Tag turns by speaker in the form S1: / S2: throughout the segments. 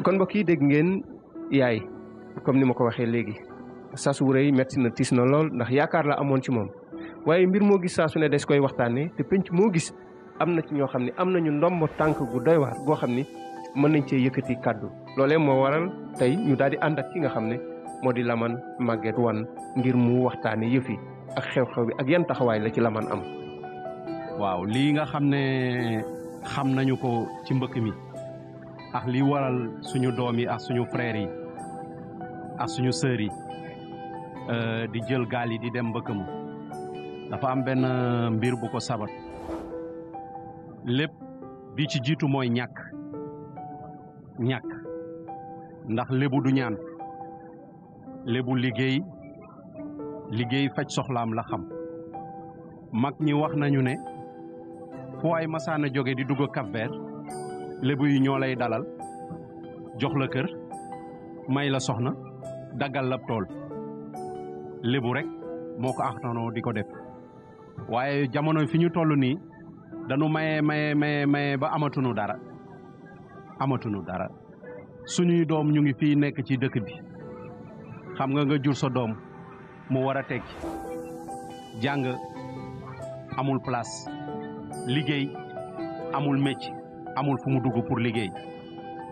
S1: kon mbokk kii dégg ngeen yaay comme ni ma ko waxee léegi sas wu rëy metti na tiis na lool ndax yaakaar la amoon ci moom waaye mbir moo gis saa su ne des koy waxtaanee te penc moo gis am na ci ñoo xam ne am nañu ndomb tànk gu doy waar goo xam ni mën nañ cee yëkkati kàddu loole moo waral tey ñu daal di ànd ak ki nga xam ne moo di Lamane Maguette Wane ngir mu waxtaane yëf yi ak xew-xew bi ak yan taxawaay la ci Lamane am. waaw lii nga xam ne xam nañu ko ci mbëkk mi. ak li waral
S2: suñu doom yi ak suñu frères yi suñu sœurs yi euh, di jël gaal yi di dem mbëkkam dafa am benn euh, mbir bu ko sabat lépp bi ci jiitu mooy ñàkk ndax lébu du ñaan lébu liggéey liggéey faj soxlaam la xam mag ñi wax nañu ne fu waay masaana jóge di dugg cap lébu yi ñoo lay dalal jox la kër may la soxna daggal la tool lébu rek moo ko axtanoo di ko def waaye jamono fi ñu toll nii dañu maye maye maye maye ba amatunu dara amatunu dara suñuy doom ñu ngi fii nekk ci dëkk bi xam nga nga jur sa doom mu war a tekki jàng amul place liggéey amul métier amul fu mu dugg pour liggéey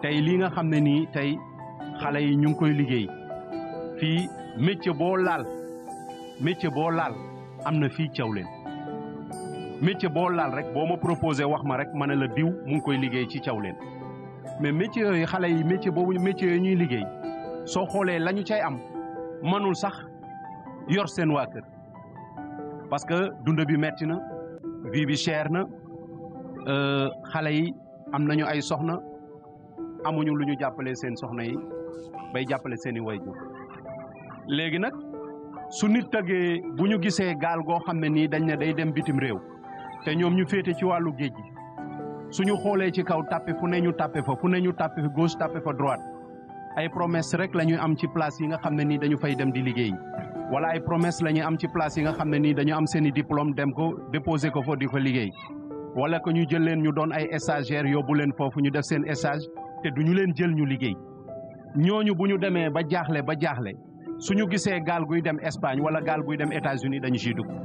S2: tey lii nga xam ne nii tey xale yi ñu ngi koy liggéey fii métier boo laal métier boo laal am na fii Thiawlène métier boo laal rek boo ma proposé wax ma rek ma ne la diw mu ngi koy liggéey ci Thiawlène mais métier yooyu xale yi métier boobu métier ñuy liggéey soo xoolee lañu cay am mënul sax yor seen waa kër parce que dund bi metti na vie bi cher na euh, xale yi am nañu ay soxna amuñu lu ñu jàppale seen soxna yi bay jàppale seen i wayjur léegi nag su nit tëggee bu ñu gisee gaal goo xam ne nii dañ ne day dem bitim réew te ñoom ñu féete ci wàllu géej gi suñu xoolee ci kaw tàppe fu ne ñu tàppe fa fu ne ñu tàppe fa gauche tàppe fa droite ay promesse rek la ñuy am ci place yi nga xam ne nii dañu fay dem di liggéey wala ay promesse la ñuy am ci place yi nga xam ne nii dañu am seen i diplôme dem ko déposé ko fa di fa liggéey wala que ñu jël leen ñu doon ay stagiaires yóbbu leen foofu ñu def seen stage te du ñu leen jël ñu liggéey ñooñu bu ñu demee ba jaaxle ba jaaxle su ñu gisee gaal guy dem Espagne wala gaal guy dem États-Unis dañu ciy dugg